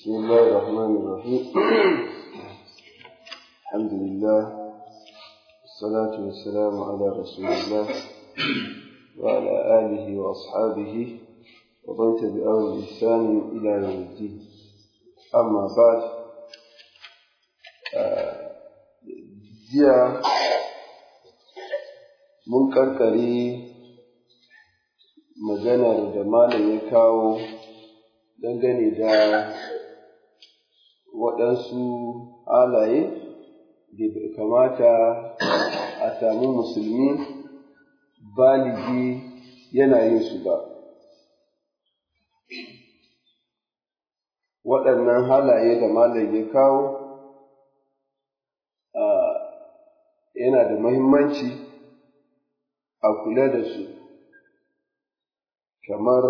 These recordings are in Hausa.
بسم الله الرحمن الرحيم الحمد لله والصلاة والسلام على رسول الله وعلى آله وأصحابه ومن تبعهم بإحسان إلى يوم الدين أما بعد jiya آه، منكر karkare maganar da يكاو ya kawo waɗansu halaye da bai kamata a sami musulmi baligi yana yin su ba. Waɗannan halaye da malaye ya kawo yana da mahimmanci a kula da su, kamar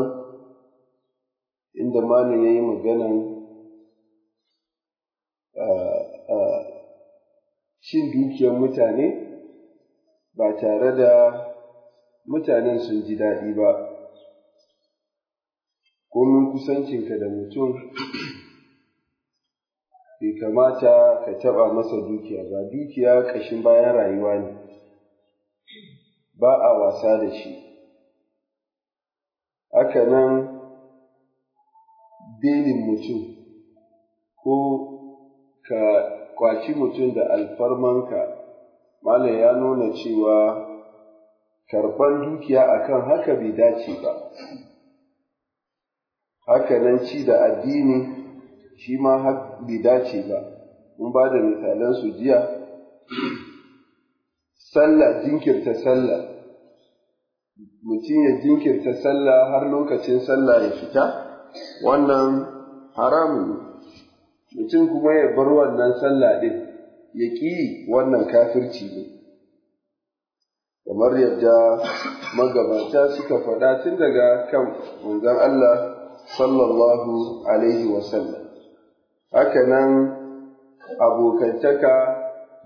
inda malam ya yi maganan cin dukiyar mutane ba tare da mutanen sun ji daɗi ba, komin kusancinka da mutum bai kamata ka taɓa masa dukiya ba, dukiya ƙashin bayan rayuwa ne, ba a wasa da shi. Haka nan belin mutum ko ka kwaci mutum da alfarmanka malam ya nuna cewa karban dukiya akan haka bai dace ba haka nan ci da addini shi ma bai dace ba mun ba da misalan su jiya sallah jinkirta sallah mutum ya jinkirta sallah har lokacin sallah ya fita wannan haramun mutum kuma ya bar wannan sallah ɗin ya ƙi wannan kafirci ne kamar yadda magabata suka faɗa tun daga kan manzon Allah sallallahu alaihi wasallam haka nan abokantaka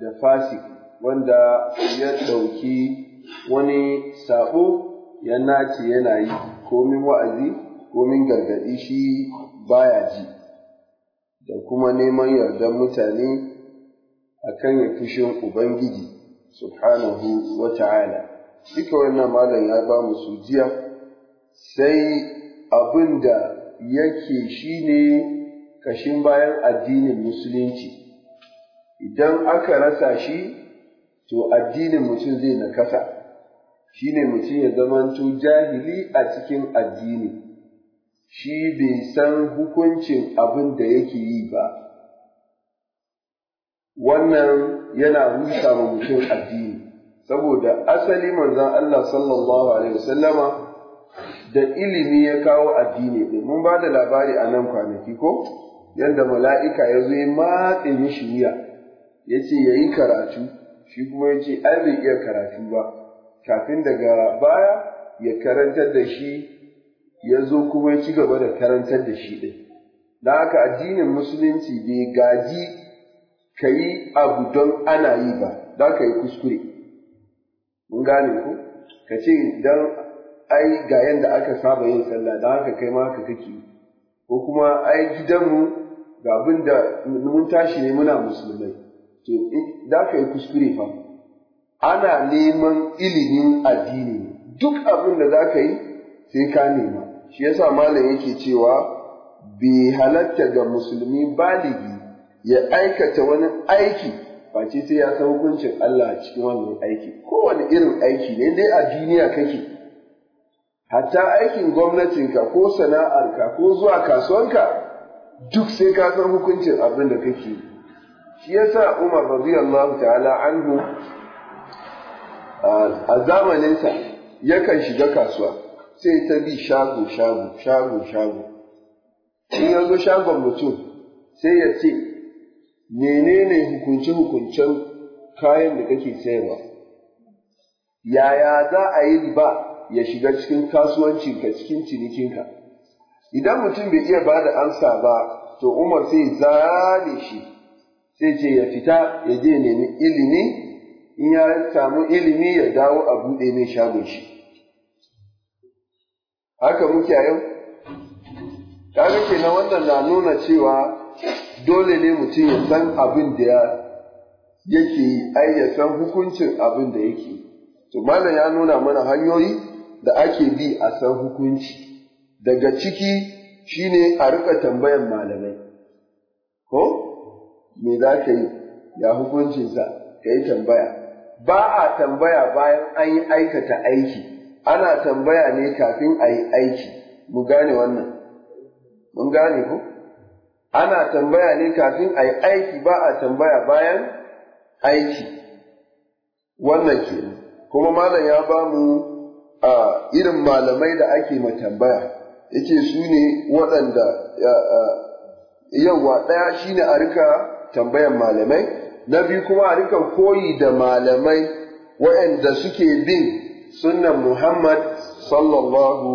da fasik wanda ya ɗauki wani sabo ya nace yana yi komin wa'azi komin gargaɗi shi baya ji da kuma neman yardan mutane a kan ya fushin Ubangiji subhanahu wa ta'ala. Duka wannan malam ya ba mu su jiya, sai abin da yake shi ne kashin bayan addinin musulunci. Idan aka rasa shi, to addinin mutum zai nakasa, shi ne mutum ya zamanto jahili a cikin addini. shi bai san hukuncin abin da yake yi ba, wannan yana rusa wa mutum addini, saboda asali manzan Allah sallallahu Alaihi wasallama da ilimi ya kawo addini ɗin, mun ba da labari a nan kwanaki ko, yadda mala'ika ya zo ya matse mishi wuya, ya ce ya yi karatu, shi kuma ya ce ai bai iya karatu ba, kafin daga baya ya karantar da shi ya zo kuma ya ci gaba da karantar da shi ɗin. Da haka addinin musulunci bai gaji ka yi abu don ana yi ba, da ka yi kuskure. Mun gane ku? Ka ce don ai ga yadda aka saba yin sallah, da haka kai ma haka kake Ko kuma ai gidanmu ga abin da mun tashi ne muna musulmai. To, da eh, ka yi kuskure fa. Ana neman ilimin addini duk abin da za ka yi sai ka nema. shi yasa malam yake cewa bi halatta ga musulmi baligi ya aikata wani aiki face sai ya san hukuncin Allah a cikin wannan aiki kowane irin aiki ne dai a duniya kake hatta aikin gwamnatinka ko sana'arka ko zuwa kasuwanka duk sai ka san hukuncin abin da kake shi yasa Umar radiyallahu ta'ala anhu a zamaninsa yakan shiga kasuwa sai ta bi shago shago shago shago in ya zo shagon mutum sai ya ce menene hukunce hukuncen kayan da kake sayarwa yaya za a yi ba ya shiga cikin kasuwancinka cikin cinikinka idan mutum bai iya ba da amsa ba to umar sai zane shi sai ce ya fita ya je nemi ilimi in ya samu ilimi ya dawo a buɗe mai shagon shi haka muke a yau kaga na wannan na nuna cewa dole ne mutum ya san abin da yake yi ai ya san hukuncin abin da yake to malam ya nuna mana hanyoyi da ake bi a san hukunci daga ciki shine a rika tambayan malamai ko me za ka yi ya hukuncinsa ka yi tambaya ba a tambaya bayan an yi aikata aiki ana tambaya ne kafin a yi aiki, mu gane wannan, mun gane ku? Ana tambaya ne kafin a yi aiki ba a tambaya bayan aiki, wannan ke kuma malam ya ba mu a irin malamai da ake ma tambaya, yake su ne waɗanda yawa ɗaya shine a rika tambayan malamai, na biyu kuma a rika koyi da malamai waɗanda suke bin sunnan Muhammad sallallahu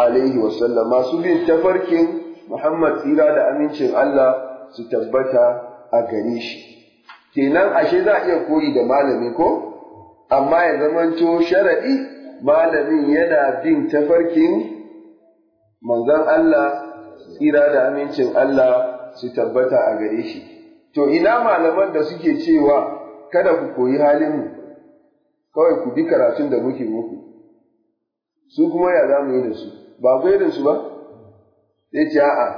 alaihi wasallam masu bin tafarkin Muhammad tsira da amincin Allah su tabbata a gare shi. Kenan ashe za a iya koyi da malami ko? Amma ya zamanto sharaɗi malamin yana bin tafarkin manzon Allah tsira da amincin Allah su tabbata a gare shi. To ina malaman da suke cewa kada ku koyi halin mu. kawai ku bi karatun da muke muku su kuma ya za mu yi da su ba ku yi da su ba sai ce a'a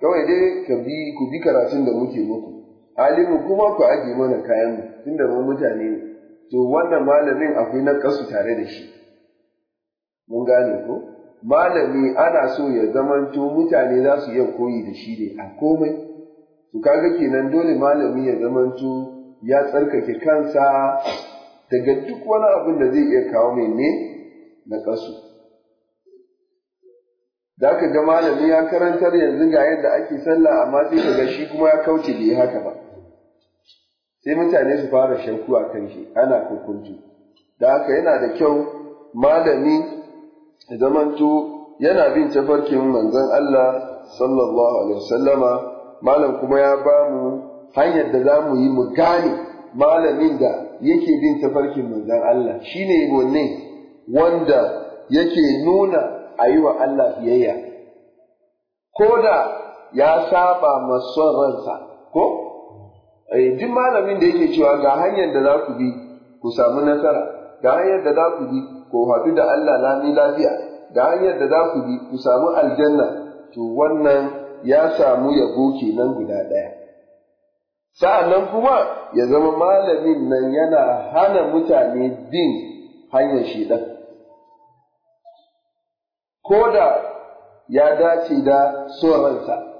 kawai dai ka bi ku bi karatun da muke muku alimu kuma ku ake mana kayan mu tunda mu mutane ne to wannan malamin akwai na kasu tare da shi mun gane ko malami ana so ya zamanto mutane za su iya koyi da shi ne a komai to kaga kenan dole malami ya zamanto ya tsarkake kansa daga duk wani abin da zai iya kawo mai ne na ƙasu. da ka ga malami ya karantar yanzu ga yadda ake sallah amma sai ka ga shi kuma ya kauce bai haka ba sai mutane su fara shanku a kan shi ana kukunci. da haka yana da kyau malami zamanto yana bin tafarkin manzon Allah sallallahu alaihi wasallama malam kuma ya ba mu hanyar da za mu yi mu gane malamin da yake bin tafarkin manzan Allah shine wanne wanda yake nuna a yi wa Allah biyayya ko da ya saba mason ransa ko eh, duk malamin da yake cewa ga hanyar da za ku bi ku samu nasara ga hanyar da za ku bi ku haɗu da Allah lami lafiya ga hanyar da za ku bi ku samu aljanna to wannan ya samu yabo kenan guda ɗaya sa'annan kuma ya zama malamin nan yana hana mutane bin hanyar shiɗan ko da ya dace da son